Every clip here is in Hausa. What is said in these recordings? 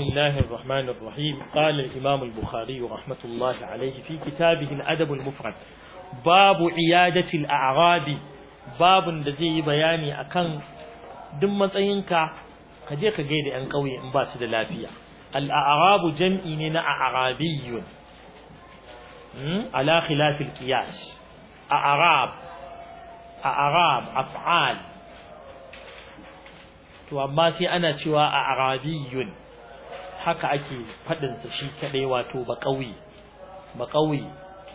بسم الله الرحمن الرحيم قال الإمام البخاري رحمة الله عليه في كتابه الأدب المفرد باب عيادة الأعراب باب الذي بياني أكن دم تينك كجيك غير أن قوي انباس دلافية الأعراب جمعيننا أعرابي على خلاف القياس أعراب أعراب أفعال to amma sai ana cewa a arabiyun haka ake faɗinsa shi kaɗai wato baƙawi baƙawi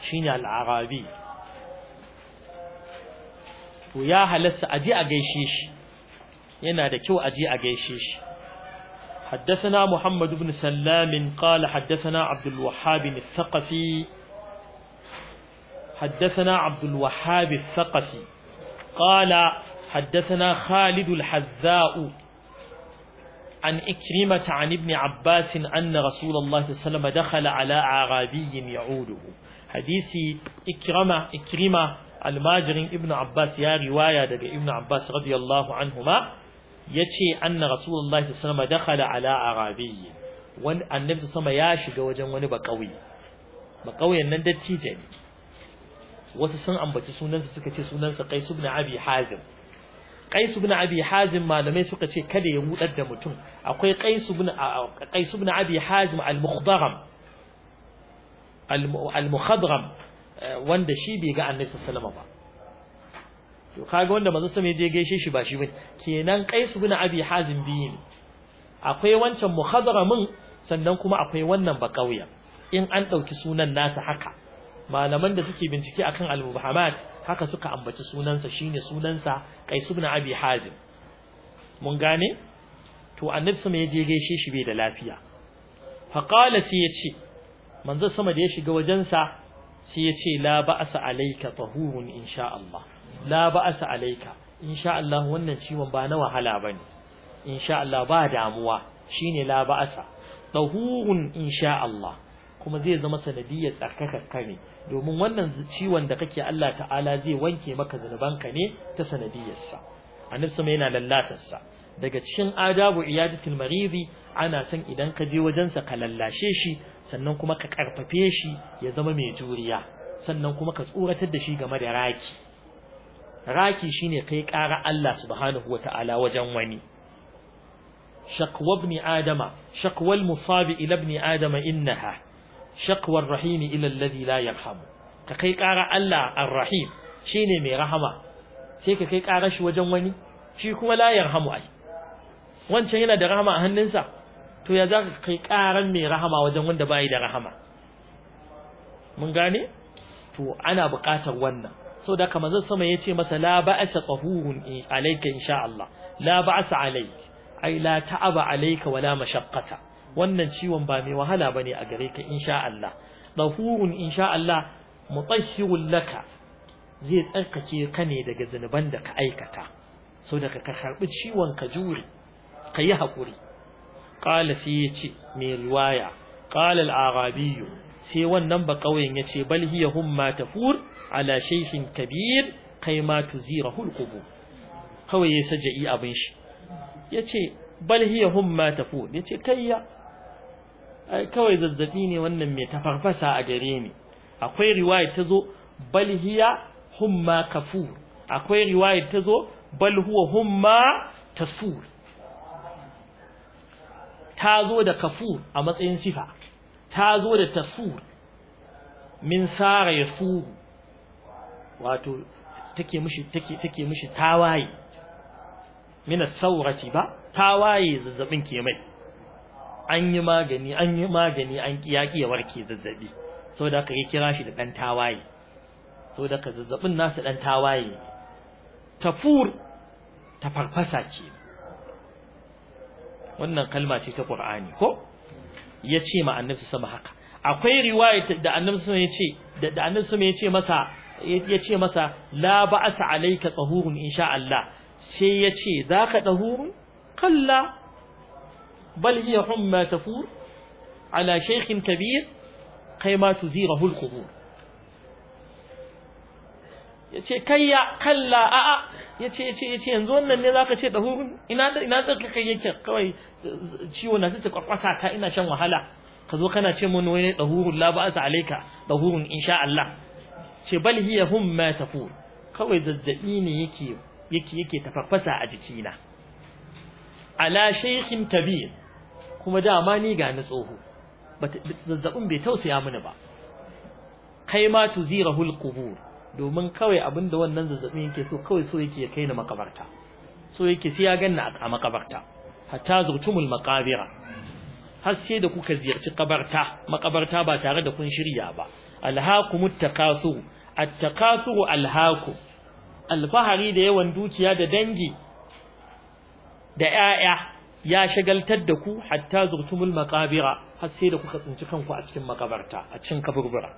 shine al'arabi to ya halatta aje a gaishe shi yana da kyau aje a gaishe shi حدثنا محمد بن سلام قال حدثنا عبد الوهاب الثقفي حدثنا عبد الوهاب الثقفي قال حدثنا خالد الحذاء عن إكرمة عن ابن عباس أن رسول الله صلى الله عليه وسلم دخل على أعرابي يعوده حديث إكرمة إكرمة الماجرين ابن عباس يا رواية دقى ابن عباس رضي الله عنهما يتشي أن رسول الله صلى الله عليه وسلم دخل على أعرابي وأن النبي صلى الله عليه وسلم ياشق وجن ونبا قوي بقوي أن ندتي جاني وسسن أنبتي سنن سكتي سنن سقيس ابن أبي حازم qais ibn abi hazim malamai suka ce kada ya rudar da mutum akwai qais ibn qais ibn abi hazim al-mukhdaram al mukhdaram eh, wanda shi bai ga annabi sallallahu alaihi wasallam ba to kaga wanda manzo sallallahu je gaishe shi ba shi bane kenan qais ibn abi hazim biyin akwai wancan mukhdaramin sannan kuma akwai wannan ba kauya in an dauki sunan nasa haka malaman da suke bincike akan al-muhammad haka suka ambaci sunansa shine sunansa qais ibn abi hazim mun gane to annabi sama ya je gaishe shi bai da lafiya fa qala sai ya manzo sama da ya shiga wajensa sai ya ce la ba'asa alayka tahurun insha Allah la ba'asa alayka insha Allah wannan ciwon ba na wahala bane insha Allah ba damuwa shine la ba'asa tahurun insha Allah kuma zai zama sanadiyyar tsarkakar ne domin wannan ciwon da kake Allah ta'ala zai wanke maka zunubanka ne ta sanadiyyarsa annabi sama yana lallatarsa daga cikin adabu iyadatul maridi ana san idan ka je wajensa ka lallashe shi sannan kuma ka karfafe shi ya zama mai juriya sannan kuma ka tsoratar da shi game da raki raki shine kai ƙara Allah subhanahu wata'ala wajen wani shaqwa ibn adama shaqwa al-musab ila ibn adama innaha shakwar rahimi ila alladhi la yarhamu ka kai ƙara Allah ar-rahim shine mai rahama sai ka kai ƙara shi wajen wani shi kuma la yarhamu ai wancan yana da rahama a hannunsa to ya za ka kai ƙaran mai rahama wajen wanda bai da rahama mun gane to ana buƙatar wannan saboda kamar zan sama yace masa la ba'asa tahurun alayka insha Allah la ba'asa alayka ai la ta'aba alayka wala mashaqqata wannan ciwon ba mai wahala bane a gare ka insha Allah dahurun insha Allah mutahhirul laka zai tsarkake ka ne daga zanuban da ka aikata so daga ka karbi ciwon ka jure ka yi hakuri qala sai yace mai riwaya qala al-arabi sai wannan ba kauyen yace bal hiya humma tafur ala shaykhin kabir kai ma tuzirahu al-qubur kawai ya saja'i abin shi yace bal hiya humma tafur yace kayya kawai zazzabi ne wannan mai tafarfasa a gare ni akwai riwaya ta zo bal hiya humma kafur akwai riwaya ta zo bal huwa humma tasur ta zo da kafur a matsayin sifa ta zo da tasur min sara yasur wato take mishi take take mishi tawaye min as ba tawaye zazzabin ke mai an yi magani an yi magani an kiyaki ya warke zazzabi saboda haka ya kira shi da dan tawaye saboda ka zazzabin nasa dan tawaye tafur ta farfasa ce wannan kalma ce ta Qur'ani ko yace ma annabi sama haka akwai riwaya da annabi sama yace da annabi sama yace masa yace masa la ba'sa alayka tahurun insha Allah sai yace zaka tahurun kalla بل هي حمى تفور على شيخ كبير قيما تزيره القبور yace ya kalla a a yace yace yace yanzu wannan ne zaka ce dahu ina da, ina tsaka kai yake kawai ciwo na ta kwakwasa ta ina shan wahala ka zo kana ce mun wani dahurun la ba'asa alayka dahurun insha Allah ce bal hiya humma tafur kawai zazzabi ne yake yake yake tafarfasa a jikina ala shaykhin kabir kuma dama ni ga ni tsoho zazzabin bai tausaya mini ba kai ma tuzirahul qubur domin kawai abinda wannan zazzabin yake so kawai so yake ya kai ni makabarta so yake sai ya ganna a makabarta hatta zurtumul maqabira har sai da kuka ziyarci kabarta makabarta ba tare da kun shirya ba alhaqumut takasur at-takasur alhaqu alfahari da yawan dukiya da dangi da 'ya'ya ya shagaltar da ku hatta zurtumul maqabira har sai da kuka tsinci kanku a cikin makabarta a cikin kaburbura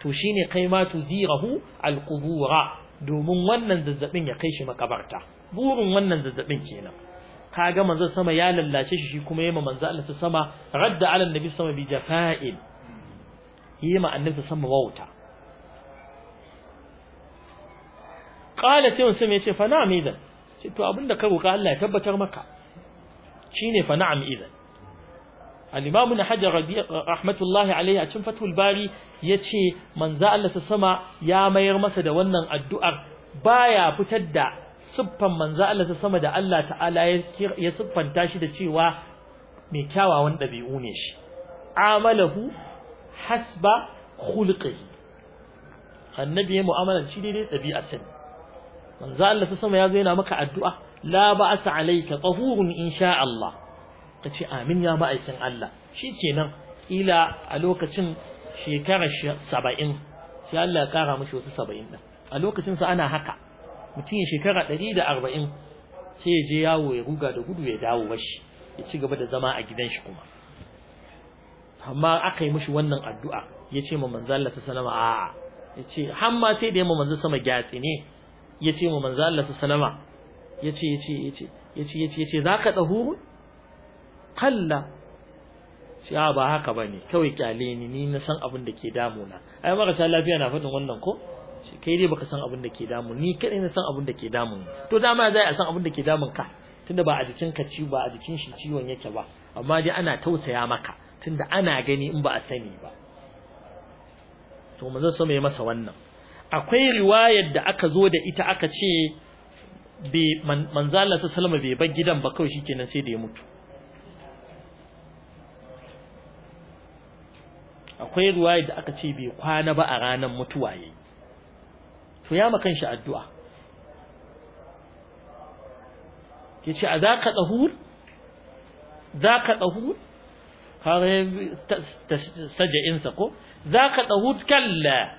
to shine kai ma tuzirahu alqubura domin wannan zazzabin ya kai shi makabarta burin wannan zazzabin kenan kaga manzo sama ya lallace shi kuma yayi manzo Allah sama radda ala annabi sama bi jafa'il yayi ma annabi sama wauta qala sai sun yace fa na midan to abinda ka roka Allah ya tabbatar maka shine fa na'am idan al-imam ibn hajar rahmatullahi alayhi a cikin fathul bari yace manzo Allah ta sama ya mayar masa da wannan addu'ar baya fitar da siffan manzo Allah ta sama da Allah ta'ala ya siffanta shi da cewa mai kyawawan dabi'u ne shi amalahu hasba khulqihi annabi ya mu'amala shi daidai dabi'ar sa manzo Allah ta sama ya zo yana maka addu'a la ka alayka in sha Allah kace amin ya ma'aikin Allah shikenan kila a lokacin shekarar 70 sai ya kara mishi wasu a lokacin ana haka mutum shekara 140 sai ya je yawo ya ruga da gudu ya dawo bashi ya ci gaba da zama a gidan shi kuma amma aka yi mishi wannan addu'a ya ce ma manzo Allah sallama a'a ya ce har sai da ya ma manzo sama gyatsi ne ya ce ma yace yace yace yace yace yace ka tsahuru kalla shi a ah, ba haka bane kawai kyale ni ni na san abin da ke damuna ai marasa lafiya na faɗin wannan ko kai dai baka san abin da ke damu ni kadai na san abin da ke damu to dama za a san abin da ke damun ka tunda ba a jikin ka ci ba a jikin shi ciwon yake ba amma dai ana tausaya maka tunda ana gani in ba a sani ba to manzon sama ya masa wannan akwai riwayar da aka zo da ita aka ce bai manzo Allah ta bai bar gidan ba kawai shikenan sai da ya mutu akwai ruwaya da aka ce bai kwana ba a ranar mutuwa yayi to ya makan shi addu'a yace a zaka tsahur zaka tsahur kare insa ko zaka tsahur kalla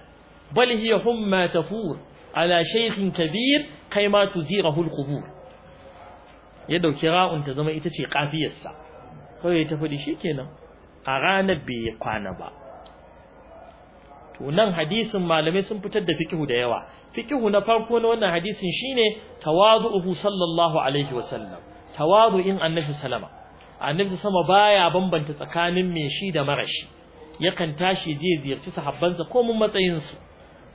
bal hiya humma tafur ala shaykhin kabir kai ma tuzirahu alqubur ya ɗauki ra'un ta zama ita ce kafiyarsa kawai ta fadi shikenan a ranar bai kwana ba to hadisin malamai sun fitar da fikihu da yawa fikihu na farko na wannan hadisin shine tawazu'uhu sallallahu alaihi wasallam tawazu'in annabi sallama annabi sama baya bambanta tsakanin mai shi da marashi yakan tashi je ziyarci sahabbansa ko mun matsayin su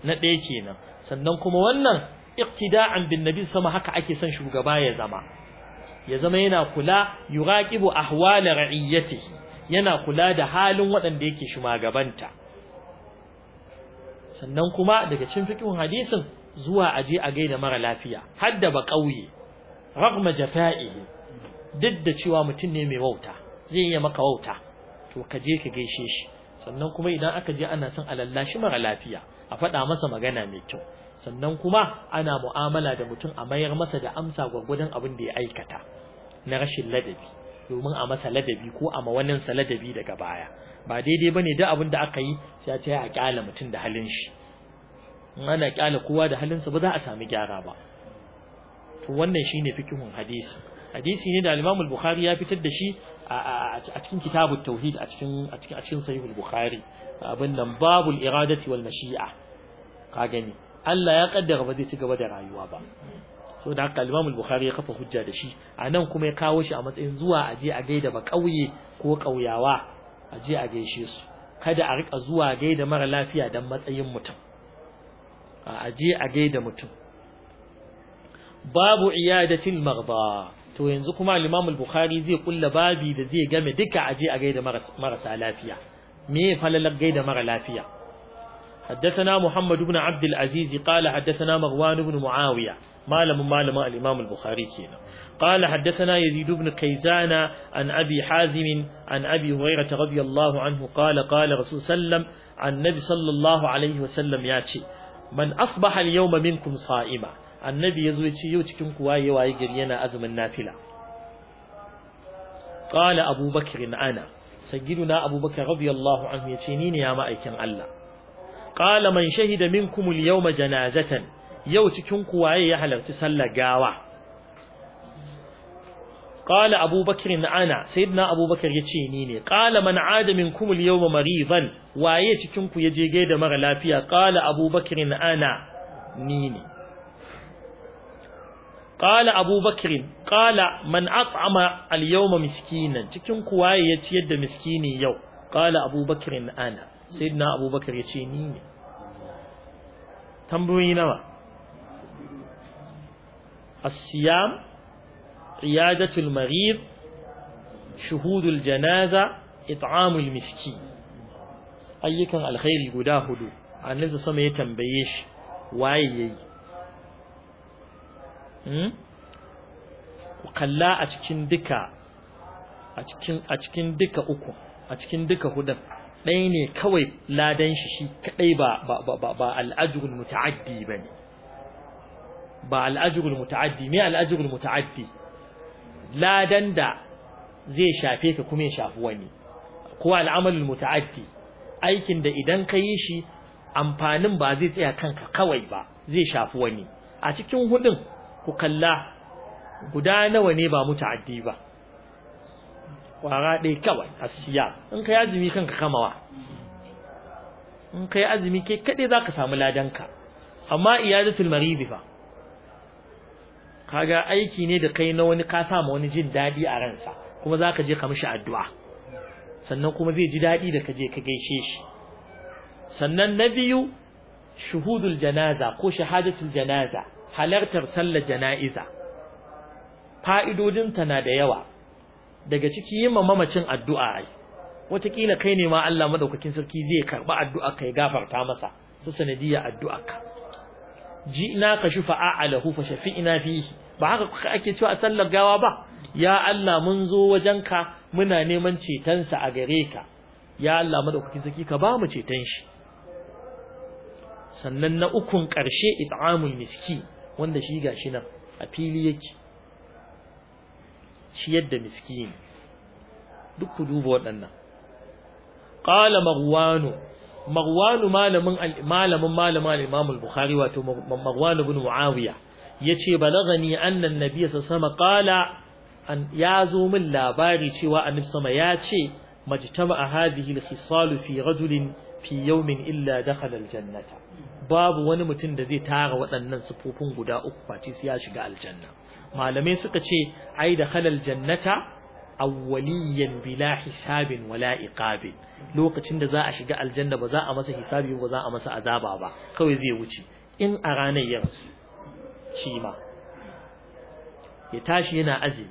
na ɗaya kenan sannan kuma wannan iqtida'an bin nabi sama haka ake son shugaba ya zama ya zama yana kula yuraqibu ahwal ra'iyatihi yana kula da halin waɗanda yake shugabanta sannan kuma daga cikin fikihun hadisin zuwa aje a gaida mara lafiya hadda ba kauye ragma jafa'ihi duk da cewa mutum ne mai wauta zai iya maka wauta to ka je ka gaishe shi sannan kuma idan aka je ana son alalla shi mara lafiya a faɗa masa magana mai kyau sannan kuma ana mu'amala da mutum a mayar masa da amsa gwargwadon abin da ya aikata na rashin ladabi domin a masa ladabi ko a mawaninsa ladabi daga baya ba daidai ba ne duk abin da aka yi sai ta a kyala mutum da halin shi in ana kyala kowa da halin sa, ba za a sami gyara ba to wannan shine fikihun hadisi hadisi ne da al-Imam al-Bukhari ya fitar da shi a cikin kitabu tauhid a cikin a cikin bukhari abin nan babul iradati wal mashi'a ka gani Allah ya kaddara ba zai ci gaba da rayuwa ba so da haka Imam al-Bukhari ya kafa hujja da shi anan kuma ya kawo shi a matsayin zuwa a je a gaida ba kauye ko kauyawa a je a gaishe su kada a rika zuwa gaida mara lafiya dan matsayin mutum a je a gaida mutum babu iyadatil maghdha to yanzu kuma al bukhari zai kulla babi da zai game duka aje a gaida marasa lafiya me falalar gaida mara lafiya haddathana Muhammad ibn Abd al-Aziz qala haddathana Marwan ibn Muawiya malamin malamin al-Imam al-Bukhari kenan qala haddathana Yazid ibn Kaizana an Abi Hazim an Abi Hurairah radiyallahu anhu qala qala sallam an Nabi sallallahu alayhi wa sallam yace man asbaha al-yawma minkum sa'ima annabi ya zo ya ce yau cikin kuwa ya waye gari yana azumin nafila Ƙala abubakar ana na abubakar radiyallahu anhu yace ni ne ya ma'aikin Allah Ƙala man shahida minkum al-yawma janazatan yau cikin kuwa ya halarci Sallah gawa Ƙala Abubakar Abubakar na ya قال أبو Ƙala أنا سيدنا أبو بكر يتشينيني mariban. Waye عاد منكم اليوم مريضا وايتكنك يجيجيد مغلافيا قال أبو بكر أنا نيني قال أبو بكر قال من أطعم اليوم مسكينا تكون kuwa ya مسكيني يو قال أبو بكر أنا سيدنا أبو بكر yace ni الصيام عيادة المريض شهود الجنازة إطعام المسكين أيكم الخير يقول hudu عن نفسه سمية تنبيش shi Hmm? ku kalla a cikin duka a cikin a cikin duka uku a cikin duka hudun ɗaya ne kawai ladan shi shi kaɗai ba ba ba ba al'ajrul muta'addi bane ba al'ajrul muta'addi mai al'ajrul muta'addi ladan da zai shafe ka kuma ya shafi wani ko al'amalul muta'addi aikin da idan ka yi shi amfanin ba zai tsaya kanka kawai ba zai shafi wani a cikin hudun ku kalla guda nawa ne ba muta'addi ba kwara ɗaya kawai asiya in kai azumi kanka kamawa in kai azumi kai kaɗai za ka samu ladanka amma iyadatul maridi fa kaga aiki ne da kai na wani ka sa wani jin daɗi a ransa kuma za ka je ka mishi addu'a sannan kuma zai ji daɗi da ka je ka gaishe shi sannan na biyu shuhudul janaza ko shahadatul janaza halartar sallar jana'iza fa'idodinta na da yawa daga ciki yin mamacin addu'a ai wataƙila kai ne ma Allah madaukakin sarki zai karɓi addu'a kai gafarta masa su sanadiyya addu'a ka ji ina ka shufa a'alahu fa shafi'ina fihi ba haka kuka ake cewa a sallar gawa ba ya Allah mun zo ka, muna neman cetonsa a gare ka ya Allah madaukakin sarki ka ba mu ceton shi sannan na ukun karshe it'amul miskin wanda shi gashi nan a fili yake ciyar da miskini duk ku duba waɗannan qala maghwanu maghwanu malamin malamin malamin al-imam al-bukhari wato maghwan bin muawiya yace balagani annan an-nabiy sallallahu ƙala. Ya zo min labari cewa annabi sama yace majtama a al-khisal fi rajulin fi yawmin illa dakhala aljannata. babu wani mutum da zai tara waɗannan sufofin guda uku face su ya shiga aljanna malamai suka ce ai da halal jannata awwaliyan bila hisabin wala iqabin lokacin da za a shiga aljanna ba za a masa hisabi ba za a masa azaba ba kawai zai wuce in a ranar ya shi ma ya tashi yana azumi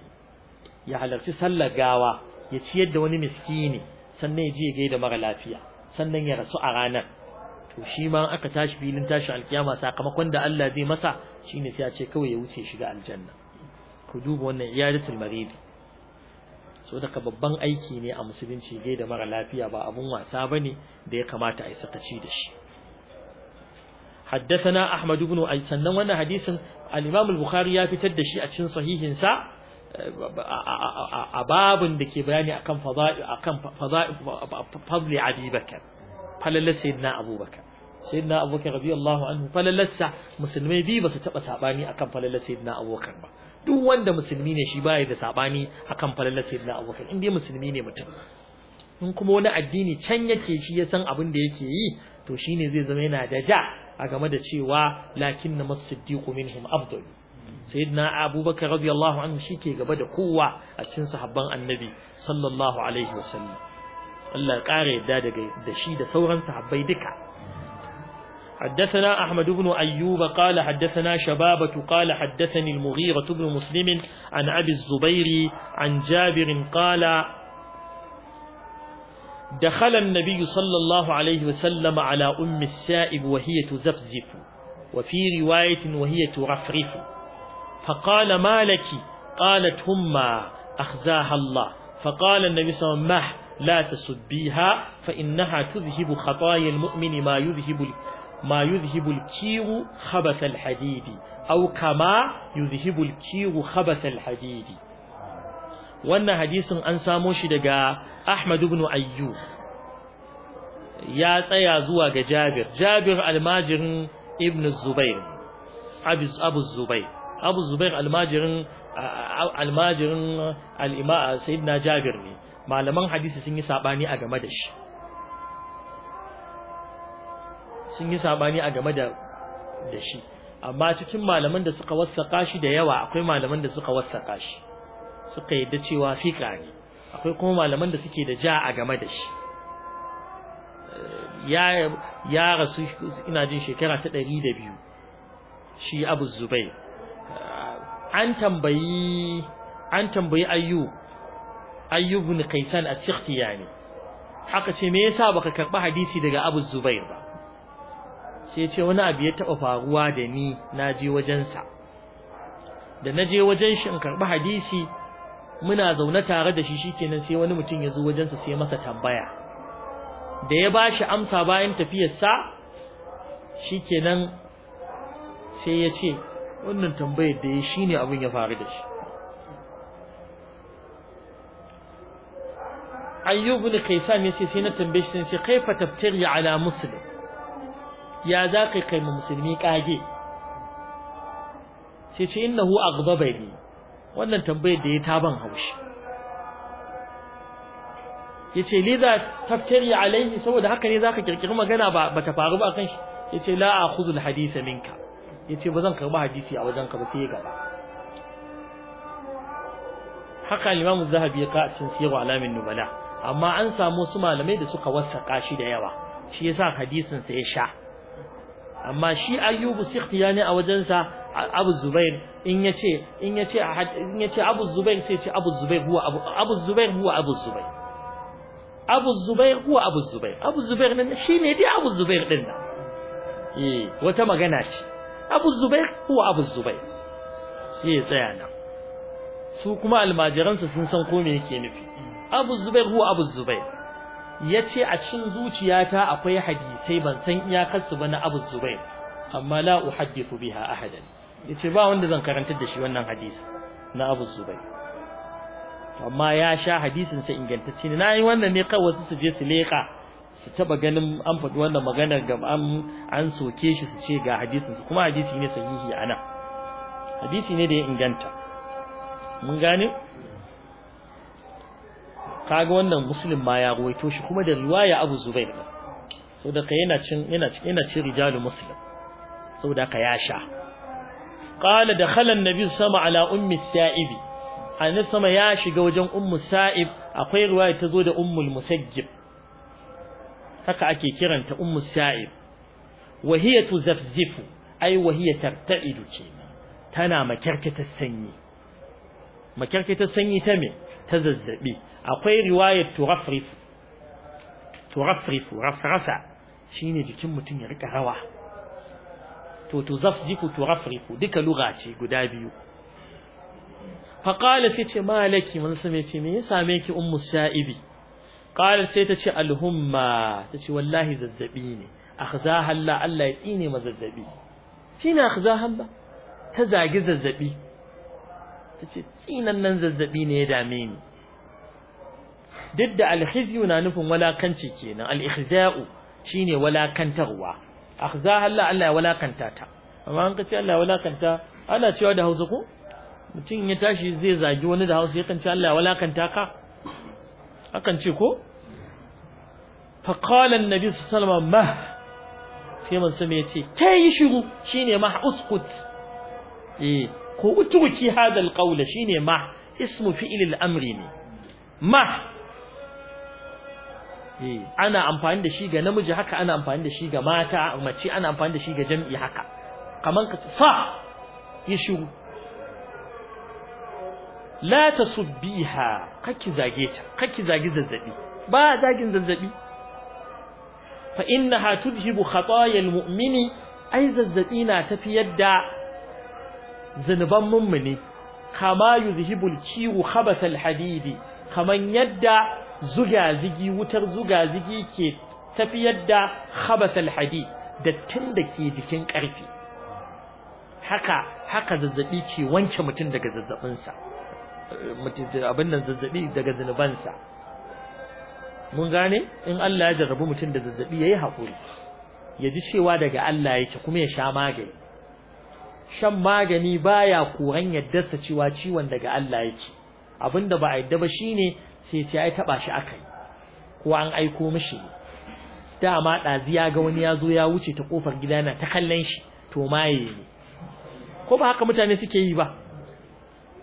ya halarci sallar gawa ya ciyar da wani miskini sannan ya je ya gaida mara lafiya sannan ya rasu a ranar to shi ma aka tashi filin tashi alkiyama sakamakon da Allah zai masa shine sai ya ce kawai ya wuce shiga aljanna ku duba wannan iyadatul maridi so daga babban aiki ne a musulunci dai da mara lafiya ba abun wasa bane da ya kamata a yi sakaci da shi حدثنا أحمد بن أي سنن وانا حديث الإمام البخاري يفتد شيء أتشن صحيح إنسا أباب دكي بياني أكم فضائل أكم فضائل فضل عدي بكر falalar sayidina abubakar sayidina abubakar radiyallahu anhu falalarsa musulmai biyu ba su taɓa saɓani akan falalar sayidina abubakar ba duk wanda musulmi ne shi baya da sabani akan falalar sayidina abubakar in dai musulmi ne mutum in kuma wani addini can yake shi ya san abin da yake yi to shine zai zama yana da ja a game da cewa lakin na masiddiqu minhum afdal sayyidina abubakar radiyallahu anhu shi ke gaba da kowa a cikin sahabban annabi sallallahu alaihi wasallam الله ya ƙara yadda daga da shi da حدثنا أحمد بن أيوب قال حدثنا شبابة قال حدثني المغيرة بن مسلم عن أبي الزبير عن جابر قال دخل النبي صلى الله عليه وسلم على أم السائب وهي تزفزف وفي رواية وهي ترفرف فقال ما لك قالت هما أخزاها الله فقال النبي صلى الله عليه وسلم لا تسبيها فإنها تذهب خطايا المؤمن ما يذهب ما يذهب الكير خبث الحديد أو كما يذهب الكير خبث الحديد وأن حديث أن ساموش دقاء أحمد بن أيوب يا تيا زوا جابر جابر الماجر ابن الزبير أبو الزبير أبو الزبير الماجر الماجر الإمام سيدنا جابر malaman hadisi sun yi sabani a game da shi sun yi sabani a game da da shi amma cikin malaman da suka wassaka shi da yawa akwai malaman da suka wassaka shi suka yadda cewa fiƙa ne akwai kuma malaman da suke da ja a game da shi eh, ya ya rasu ina jin shekara ta 102 shi Abu Zubair eh, an tambayi an tambayi Ayyub ayyubun kaisan a sikti yani Haka ce me yasa baka karɓi hadisi daga abu zubair ba sai ce wani abu ya taba faruwa da ni na je wajensa da naje je wajen shi in karba hadisi muna zaune tare da shi shikenan sai wani mutum ya zo wajensa sai masa tambaya da ya ba shi amsa bayan sa shikenan sai ya ce wannan tambayar da ya shine abin ya faru da shi ayyub ibn kaisan yace sai na tambaye shi sai kaifa tabtaghi ala muslim ya za kai kai mu musulmi kage sai ce innahu aghdabani wannan tambayar da ya taban haushi yace lidha tabtaghi alaihi saboda haka ne zaka kirkiri magana ba bata faru ba kan shi yace la akhudhu alhadisa minka yace bazan karba hadisi a wajenka ba sai gaba haka al-Imam Az-Zahabi ya ka a cikin Alamin Nubala amma an samu su malamai da suka wasaka shi da yawa shi yasa hadisin sa ya sha amma shi ayyubu sikhtiyani a wajensa abu zubair in yace in yace in yace abu zubair sai ce abu zubair huwa abu abu zubair huwa abu zubair abu zubair huwa abu zubair abu zubair nan shine dai abu zubair din nan eh wata magana ce abu zubair huwa abu zubair sai ya tsaya nan su kuma almajiransa sun san ko me yake nufi abu zubair huwa abu zubair yace a cikin zuciyata akwai hadisai ban san iyakar ba na abu zubair amma la uhaddithu biha ahadan yace ba wanda zan karantar da shi wannan hadisi na abu zubair amma ya sha hadisin sai ingantacce ne nayi wannan ne kawai wasu su je su leka su taba ganin an faɗi wannan maganar ga an an soke shi su ce ga hadisin su kuma hadisi ne sahihi ana hadisi ne da ya inganta mun gane kaga wannan muslim ma ya ruwaito shi kuma da riwaya abu zubair saboda ka yana cin yana cin yana cin rijalu muslim saboda ka ya sha qala dakhala an-nabi sama ala ummi sa'ibi annabi sama ya shiga wajen ummu sa'ib akwai riwaya ta zo da ummul musajjib haka ake kiranta ummu sa'ib wa hiya tuzafzifu ai wa hiya tarta'idu ce tana makarkatar sanyi makarkatar sanyi ta me ta zazzaɓi. akwai riwayar turafrif turafrif rafrasa shine jikin mutum ya rika rawa to tuzafziku turafrifu duka lugha ce guda biyu fa qala sai ce malaki mun same ce me yasa me ki ummu sha'ibi qala sai ta ce alhumma ta wallahi zazzabi ne akhzaha Allah Allah ya tsine ma zazzabi shine akhzaha ba ta zagi zazzaɓi. tace tsinan nan zazzabi ne ya dame ni duk da alkhizyu na nufin walakanci kenan al-ikhza'u shine walakantarwa akhza Allah Allah ya walakanta ta amma an kace Allah ya walakanta ana cewa da Hausa ko mutum ya tashi zai zagi wani da Hausa yakan ce Allah ya walakanta ka akan ce ko fa qala an-nabi sallallahu alaihi wasallam ma sai man sami yace kai shiru shine ma uskut eh ko utuki hadal qaula shine ma ismu fi'il al-amri ne ma eh ana amfani da shi ga namiji haka ana amfani da shi ga mata mace ana amfani da shi ga jam'i haka kaman ka sa ya shiru la tasubbiha kaki zage ta kaki zage zazzabi ba zagin zazzabi fa innaha tudhibu khataaya al-mu'mini ai zazzabi na tafiyar da zunuban mummuni kama yuzhibul kiwu khabathal hadidi kaman yadda zugazigi wutar zugazigi ke yadda da khabathal hadid dattin da ke jikin karfi haka haka zazzabi ce wance mutum daga zazzabin sa abin nan zazzabi daga zunuban mun gane in Allah ya jarrabu mutum da zazzabi yi hakuri ya ji cewa daga Allah ya yake kuma ya sha magani shan magani baya koran sa cewa ciwon daga Allah yake abinda ba a yadda ba shine sai ce ai taba shi akai ko an aiko mishi dama dazi ya ga wani ya zo ya wuce ta kofar gida na ta kallon shi to maye ne ko ba haka mutane suke yi ba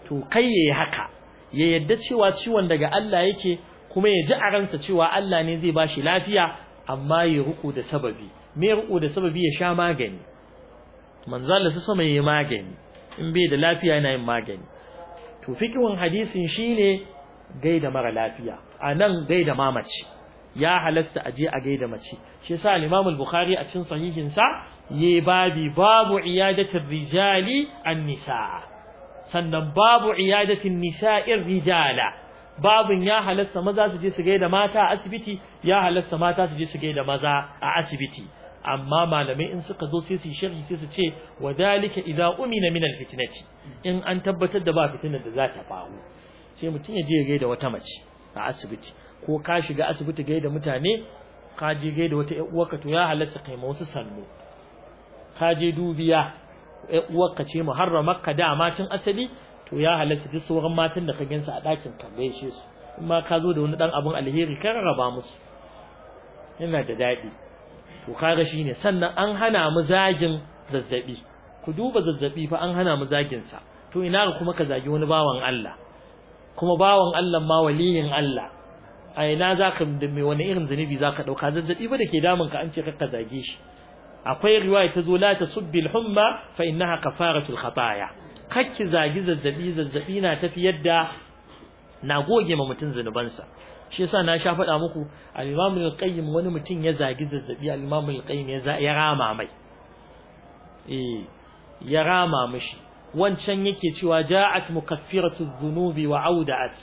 to kai yayi haka ya yadda cewa ciwon daga Allah yake kuma ya ji a ransa cewa Allah ne zai bashi lafiya amma ya ruku da sababi me ruku da sababi ya sha magani Manzala su sai sama yi magani in bai da lafiya yana yin magani to fikirin hadisin shine gaida mara lafiya anan gaida mamaci ya halasta aje a gaida mace shi Limamul al bukhari a cikin sahihinsa, ya babi babu iyadatin rijali an-nisaa sannan babu iyadatin nisa'ir rijala babin ya halasta maza su je su gaida mata a asibiti ya halasta mata su je su gaida maza a asibiti amma malamai in suka zo sai su sharhi sai su ce wa dalika idza umina min alfitnati in an tabbatar da ba fitinar da za ta faru sai mutum ya je ya gaida wata mace a asibiti ko ka shiga asibiti gaida mutane ka je gaida wata ƴan uwarka to ya halatta kai ma wasu sannu ka je dubiya ƴan uwarka ce muharramarka da matan asali to ya halatta duk sauran matan da ka gansu a ɗakin ka gaishe su in ma ka zo da wani dan abun alheri kan raba musu yana da daɗi to kaga shine sannan an hana mu zagin zazzabi ku duba zazzabi fa an hana mu zagin sa to ina ga kuma ka zagi wani bawan Allah kuma bawan Allah ma waliyin Allah a ina zaka me wani irin zanubi zaka dauka zazzabi ba dake damun ka an ce ka zage shi akwai riwaya ta zo la s'ubbil humma fa innaha kafaratul khataya kakki zagi zazzabi zazzabi na tafi yadda na goge ma mutun zanubansa shi yasa na sha faɗa muku al-Imam al-Qayyim wani mutum ya zagi zazzabi al-Imam al-Qayyim ya ya rama mai eh ya rama mishi wancan yake cewa ja'at mukaffiratu dhunubi wa auda'at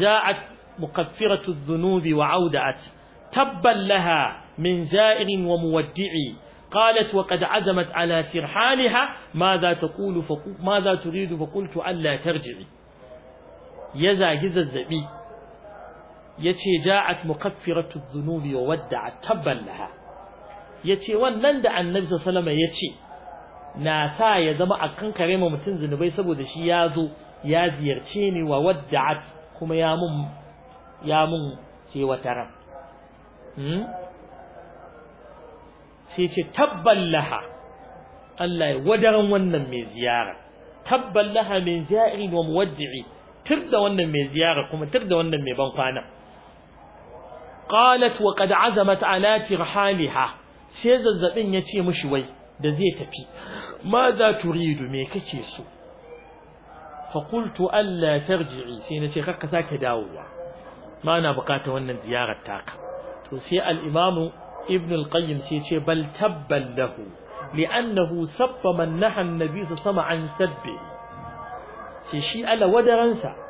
ja'at mukaffiratu dhunubi wa auda'at tabban laha min za'irin wa muwaddi'i قالت وقد عزمت على سرحالها ماذا تقول فقو ماذا تريد فقلت ألا ترجعي يزا جزا الزبي yace ja'at mukaffiratu dhunubi wa wadda'at tabban laha yace wannan da annabi sallallahu alaihi yace na sa ya zama akan kare ma mutun zinubai saboda shi ya zo ya ziyarce ni wa wadda'at kuma ya mun ya mun ce wataran hmm sai ce tabban laha Allah ya wadaran wannan mai ziyara tabban laha min za'irin wa muwaddi'i tir da wannan mai ziyara kuma tir da wannan mai ban kwana qalat wa qad azamat ala sai zazzabin ya ce mishi wai da zai tafi ma za turidu me kake so fa qultu alla tarji'i sai nace kakka sake dawowa ma na bukata wannan ziyarar taka to sai al-imamu ibn al-qayyim sai ce bal tabbal lahu لأنه سب من نهى النبي صلى الله عليه وسلم عن سبه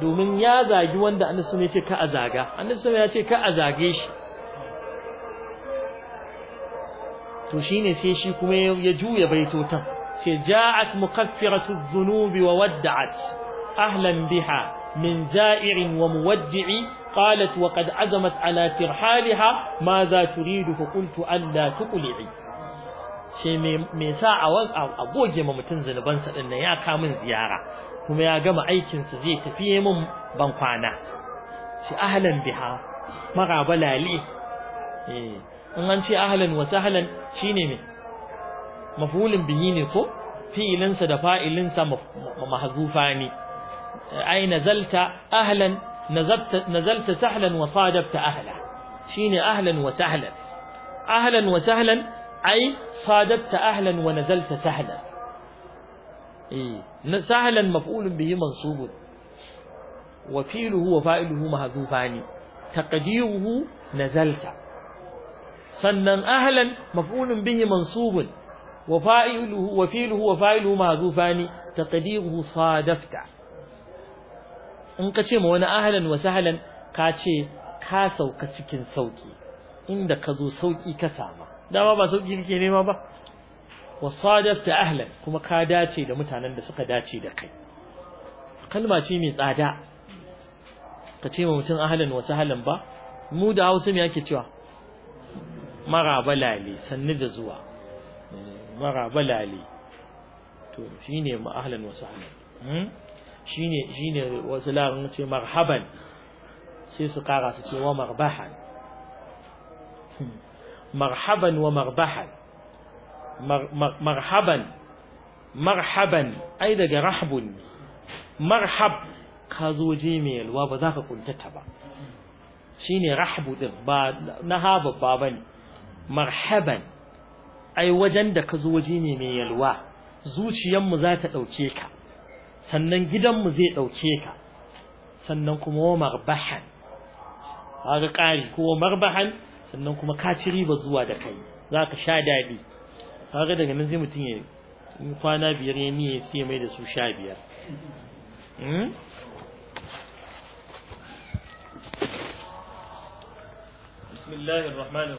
domin ya zagi wanda annabi sun ce ka a zaga annabi ya ce ka a zage shi to ne sai shi kuma ya juya baitotan sai ja'at mukaffiratu zunubi wa wadda'at ahlan biha min za'irin wa muwaddi'i قالت وقد عزمت على ترحالها ماذا تريد فقلت ألا تقلعي ce me me sa a goge ma mutum zunubansa din nan ya min ziyara kuma ya gama aikinsa zai tafi min ban kwana shi ahlan biha maraba lali eh, in an ce ahlan wa sahlan shine me mafulin biyi ne ko fi'ilinsa da fa'ilinsa mahzufa ne ai nazalta ahlan nazalta sahlan wa sadabta ahla shine ahlan wa sahlan ahlan wa sahlan ai sadatta ahlan wa nazalta sahlan eh sahlan maf'ulun bihi mansubun wa fi'luhu wa fa'iluhu mahdhufani taqdiruhu nazalta sannan ahlan maf'ulun bihi mansubun wa fa'iluhu wa fi'luhu wa fa'iluhu mahdhufani taqdiruhu in ka ce ma wani ahlan wa sahlan ka ce ka sauka cikin sauki inda ka zo sauƙi ka sama dama ba sauki ke nema ba wasadafta ahlan kuma ka dace da mutanen da suka dace da kai kalma ce mai tsada ka ce ma mutum ahlan wasu halin ba mu da hausa mai ake cewa mara balale sannu da zuwa mara balale to shi ne ma ahlan wasu halin hmm? Shi ne wasu larin ce marhaban sai su kara su ce wa marbahan hmm. marhaban wa marbahan marhaban marhaban ai daga ne. marhab ka zo je mai yalwa ba za ka kuntata ba ne Rahabu din ba na haba ba marhaban ai wajen da ka zo waje ne mai yalwa zuciyarmu za ta ɗauke ka sannan gidanmu zai ɗauke ka sannan kuma wa marbahan kaga ƙari ko marbahan sannan kuma ka ci riba zuwa da kai za ka sha daɗi kaga daga nan zai mutum ya in kwana biyar ya niye sai mai da su sha biyar hmm?